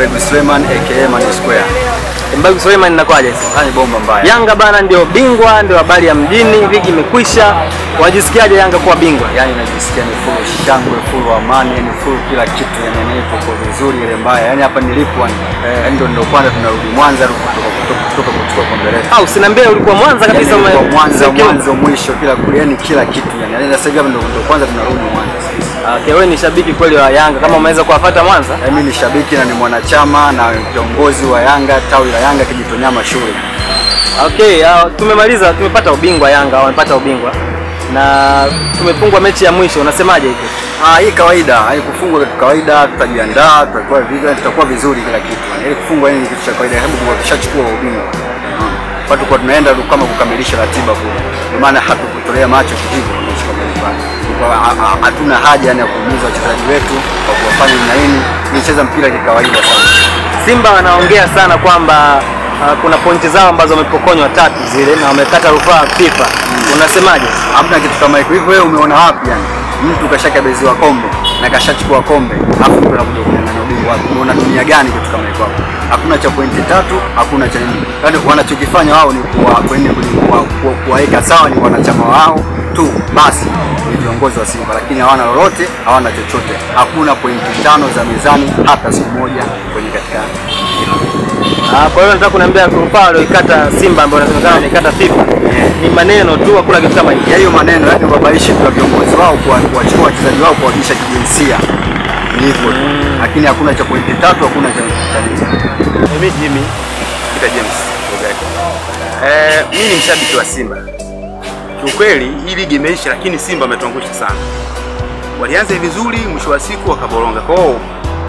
Mbegu Suleiman aka Man Square. Mbegu Suleiman inakwaje sasa? Ni bomba mbaya. Yanga bana ndio bingwa, ndio habari ya mjini, ligi imekwisha. Wajisikiaje Yanga kuwa bingwa? Yaani najisikia ni full shangwe, full amani, ni full kila kitu, yani nipo kwa vizuri ile mbaya. Yaani hapa nilipo yaani, eh, yaani ndio ndio kwanza tunarudi Mwanza kutoka kutoka kutoka kutoka kwa Mbere. Au ah, sinaambia ulikuwa Mwanza kabisa? Yaani Mwanza mwanzo mwisho kila yani kila kitu yani. Yaani sasa hivi ndio ndio kwanza tunarudi Mwanza. Okay, wewe ni shabiki kweli wa Yanga kama umeweza kuwafuata Mwanza? Mimi ni shabiki na ni mwanachama na kiongozi wa Yanga tawi la Yanga Kijitonyama shule. Okay, uh, tumemaliza tumepata ubingwa Yanga wamepata ubingwa na tumefungwa mechi ya mwisho, unasemaje hiki? Ah, hii kawaida, kufungwa kitu kawaida, tutajiandaa, tutakuwa vizuri, tutakuwa vizuri kila kitu. Ile yaani kufungwa ni kitu cha kawaida, hebu tushachukua ubingwa. Hmm. Kwa tunaenda kama kukamilisha ratiba kule. Kwa maana hatukutolea macho kijivu tunachokamilisha hatuna haja ya kuumiza wachezaji wetu kwa kuwafanya na nini, nicheza mpira kikawaida sana. Simba wanaongea sana kwamba uh, kuna pointi zao ambazo wamepokonywa tatu zile na wamekata rufaa FIFA. Mm. Unasemaje? Hamna kitu kama hiko. Hivyo wewe umeona wapi yani? Mtu kashaka bezi wa kombe na kashachukua kombe, alafu mtu anakuja kunyang'anya ubingwa. Unaona dunia gani kitu kama hiko Hakuna cha pointi tatu, hakuna cha nini. Yaani wanachokifanya wao ni kuwa kwenda kuwaweka sawa ni wanachama wao tu basi ni viongozi wa Simba, lakini hawana lolote, hawana chochote. Hakuna pointi tano za mezani hata siku moja kwenye katika Ah, Kwa hiyo nataka kuniambia rufaa aliyoikata Simba ambayo inasemekana ameikata FIFA ni maneno tu, hakuna kitu kama hiyo. Hiyo maneno yaani babaishi kwa viongozi wao kuwachukua wachezaji wao kuwaonyesha kijinsia ni hivyo, mm. lakini hakuna cha pointi tatu, hakuna cha mimi Jimmy Peter James. Eh, mimi ni mshabiki wa Simba. Kiukweli hii ligi imeisha, lakini Simba ametuangusha sana. Walianza vizuri, mwisho wa siku wakaboronga. Kwa hiyo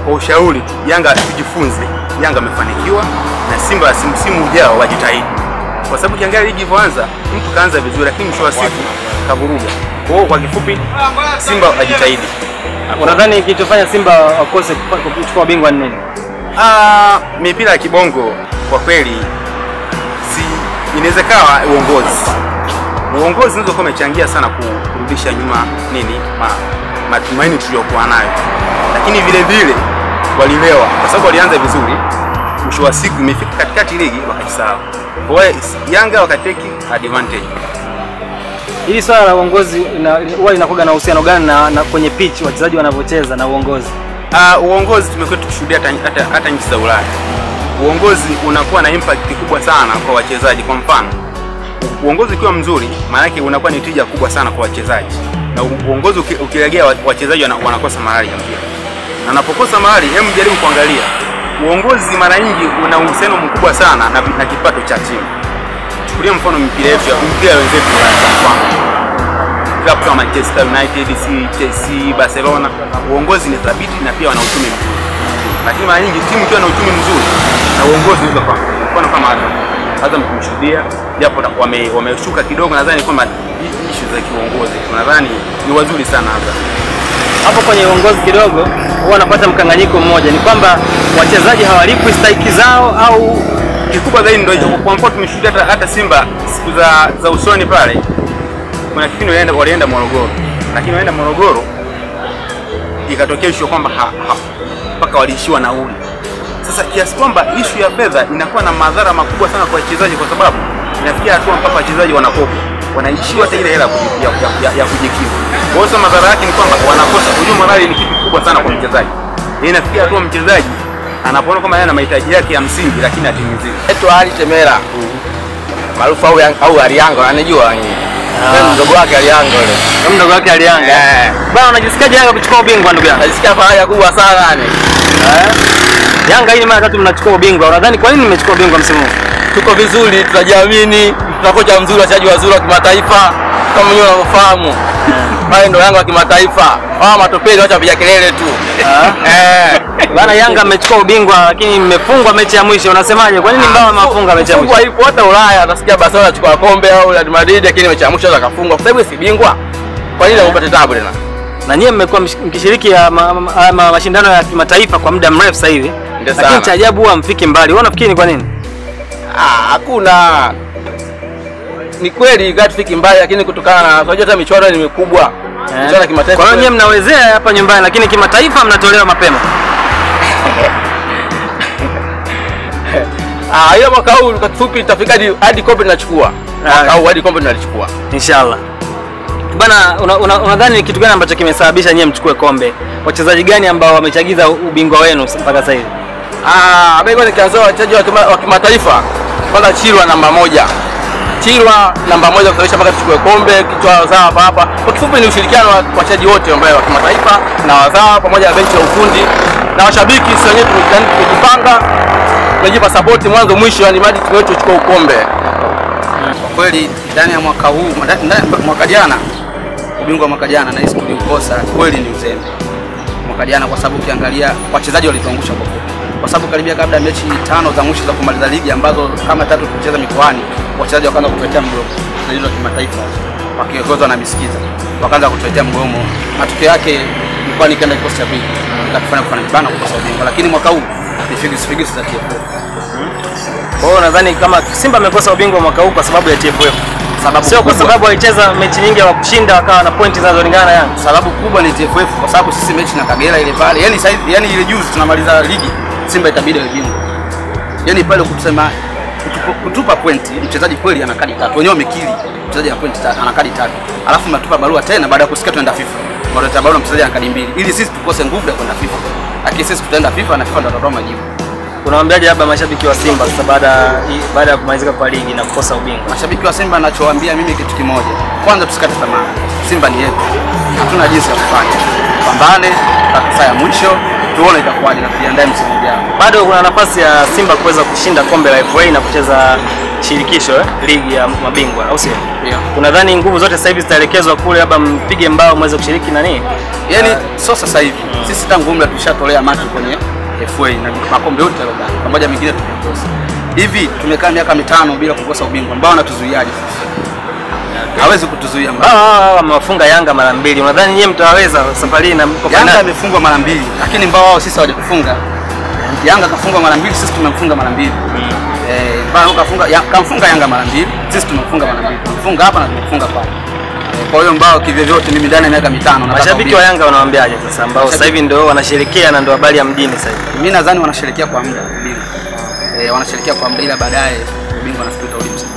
kwa ushauri Yanga tujifunze. Yanga amefanikiwa na Simba msimu ujao wajitahidi, kwa sababu kiangalia ligi ilivyoanza, mtu kaanza vizuri, lakini mwisho wa siku kavuruga. Kwa hiyo kwa kifupi, Simba ajitahidi. Unadhani kilichofanya Simba wakose kuchukua ubingwa ni nini? Ah, mipira ya kibongo kwa kweli si inawezekana uongozi uongozi unaweza kuwa umechangia sana kurudisha nyuma nini ma, matumaini tuliyokuwa nayo, lakini vile vile walilewa, kwa sababu walianza vizuri, mwisho wa siku imefika katikati ligi wakajisahau. Kwa hiyo Yanga wakateki advantage. Hili swala la uongozi huwa linakuwa na uhusiano gani na, na kwenye pitch wachezaji wanavyocheza na uongozi? Uh, uongozi tumekuwa tukishuhudia hata nchi za Ulaya, uongozi unakuwa na impact kubwa sana kwa wachezaji. Kwa mfano uongozi ukiwa mzuri, maana yake unakuwa ni tija kubwa sana kwa wachezaji, na uongozi ukilegea, wachezaji wanakosa mahali ya mpira, na napokosa mahali, hebu jaribu kuangalia uongozi. Mara nyingi una uhusiano mkubwa sana na, na kipato cha timu. Chukulia mfano mpira yetu ya mpira wenzetu klabu kama Manchester United, Chelsea, Barcelona, uongozi ni thabiti na pia wana uchumi mzuri, lakini mara nyingi timu ikiwa na uchumi mzuri na uongozi unaweza kwa mfano kama hata Azam mkimshuhudia japo wame, wameshuka kidogo, nadhani kwamba issue za kiuongozi nadhani ni wazuri sana hapa hapo kwenye uongozi kidogo huwa wanapata mkanganyiko mmoja, ni kwamba wachezaji hawalipwi stahiki zao au kikubwa zaidi ndio eh. kwa mfano tumeshuhudia hata, hata Simba siku za, za usoni pale kuna kipindi walienda, walienda Morogoro, eh. lakini waenda Morogoro ikatokea issue kwamba mpaka waliishiwa nauli sasa kiasi kwamba ishu ya fedha inakuwa na madhara makubwa sana kwa wachezaji, kwa sababu inafikia hatua mpaka wachezaji wanakopa, wanaishiwa hata ile hela ya, kujikimu. Kwa hiyo madhara yake ni kwamba wanakosa hujua, morali ni kitu kubwa sana kwa mchezaji. Yaani inafikia hatua mchezaji anapoona kama yeye ana mahitaji yake ya msingi lakini atimizie. Eto Ali Temera maarufu au au Alianga, anajua wenyewe ah. mdogo wake Alianga yule. Kama mdogo wake Alianga. Eh. Bwana, unajisikiaje Yanga kuchukua ubingwa ndugu yangu? Najisikia faraja kubwa sana yani. Eh? Yanga hii ni mara tatu mnachukua ubingwa. Unadhani kwa nini mmechukua ubingwa msimu huu? Tuko vizuri, tunajiamini, tuna kocha mzuri, wachezaji wazuri wa kimataifa kama mwenyewe unavyofahamu. Eh. Wale ndo Yanga wa kimataifa. Hawa matopeli wacha vija kelele tu. Ah. Eh. Bana Yanga mmechukua ubingwa lakini mmefungwa mechi ya mwisho. Unasemaje? Kwa nini mbao mafunga mechi ya mwisho? Kwa ipo hata Ulaya nasikia Barcelona anachukua kombe au Real Madrid lakini mechi ya mwisho za kafungwa. Kwa sababu si bingwa. Kwa nini unapata taabu tena? Na nyie mmekuwa mkishiriki ya mashindano ya kimataifa kwa muda mrefu sasa hivi sana. lakini cha ajabu huwa mfiki mbali. Wewe unafikiri ni kwa nini? Ah, hakuna. Ni kweli gatufiki mbali, lakini kutokana na unajua hata michoro ni mikubwa yeah. Kimataifa. Kwa hiyo nyinyi mnawezea hapa nyumbani, lakini kimataifa mnatolewa mapema. Ah, hiyo mwaka huu kwa kifupi tutafika hadi kombe tunachukua Mwaka huu hadi kombe tunalichukua inshallah. Bana, unadhani una, una una ni kitu gani ambacho kimesababisha nyie mchukue kombe? Wachezaji gani ambao wamechagiza ubingwa wenu mpaka sasa hivi? Ah, Bego nikaanzia wachezaji wa kimataifa kwanza, Chilwa namba moja, Chilwa namba moja kusababisha mpaka tuchukue kombe kichwa wazawa hapa hapa. Kwa kifupi ni ushirikiano wa wachezaji wote ambao wa kimataifa na wazawa pamoja na benchi ya ufundi na washabiki, sisi wenyewe tumejipanga, tumejipa sapoti mwanzo mwisho, yani hadi tuchukue ukombe. Kwa kweli ndani ya mwaka huu, mwaka jana ubingwa mwaka jana nahisi tuliukosa kweli, ni uzembe mwaka jana, kwa sababu ukiangalia wachezaji walituangusha kwa kweli kwa sababu karibia kabla ya mechi tano za mwisho za kumaliza ligi ambazo kama tatu tucheza mikoani, wachezaji wakaanza kutuletea mgomo na hizo kimataifa, wakiongozwa na Misikiza wakaanza kutuletea mgomo. Matokeo yake mikoani ikaenda kikosi cha pili na kufanya kufanya kibana kukosa ubingwa, lakini mwaka huu ni figisi figisi za TFF. Kwa hiyo nadhani kama Simba amekosa ubingwa mwaka huu kwa sababu ya TFF sababu sio kwa sababu walicheza mechi nyingi wa kushinda wakawa na pointi zinazolingana Yani Sababu kubwa ni TFF, kwa sababu sisi mechi na Kagera ile pale, yani sasa, yani ile juzi tunamaliza ligi Simba itabidi awe bingwa. Yaani pale kutusema kutupa, kutupa pointi mchezaji kweli ana kadi tatu. Wenyewe wamekiri mchezaji ana pointi tatu, ana kadi tatu. Alafu matupa barua tena baada ya kusikia tunaenda FIFA. Mnatupa barua mchezaji ana kadi mbili ili sisi tukose nguvu ya kwenda FIFA. Lakini sisi tutaenda FIFA na FIFA ndio tutatoa majibu. Unawaambiaje labda mashabiki wa Simba sasa baada baada ya kumalizika kwa ligi na kukosa ubingwa? Mashabiki wa Simba nachowaambia mimi kitu kimoja. Kwanza tusikate tamaa. Simba ni yetu. Hatuna jinsi ya kufanya. Pambane mpaka saa ya mwisho tuone itakuwaje na tujiandae msimu ujao bado kuna nafasi ya Simba kuweza kushinda kombe la FA na kucheza shirikisho eh, ligi ya mabingwa au sio? Yeah. Unadhani nguvu zote sasa hivi zitaelekezwa kule, labda mpige mbao mweze kushiriki nani? Yaani uh, sio sasa hivi mm. Sisi tangu umri tulishatolea macho kwenye FA na makombe yote yalobaki pamoja mingine tumekosa. Hivi tumekaa miaka mitano bila kukosa ubingwa, mbao anatuzuiaje sisi? hawezi kutuzuia mbao. Ah, ah, ah Amewafunga Yanga mara mbili, unadhani nyie mtaweza safari hii na Yanga amefungwa mara mbili, lakini mbao wao sisi hawajatufunga. Yanga kafunga mara mbili, sisi tumemfunga mara mbili mm. eh, kafunga ya, kamfunga Yanga mara mbili, sisi tumemfunga mara mbili, tumemfunga hapa na tumemfunga pale. Eh, kwa hiyo Mbao vyote mimi ndani ya miaka mitano. Mashabiki wa Yanga wanawaambiaje sasa Mbao sasa hivi ndio wanasherekea na ndio habari ya mjini sasa hivi? Mimi nadhani wanasherekea kwa muda, eh, wanasherekea kwa muda, ila baadaye ubingwa nafikiri utarudi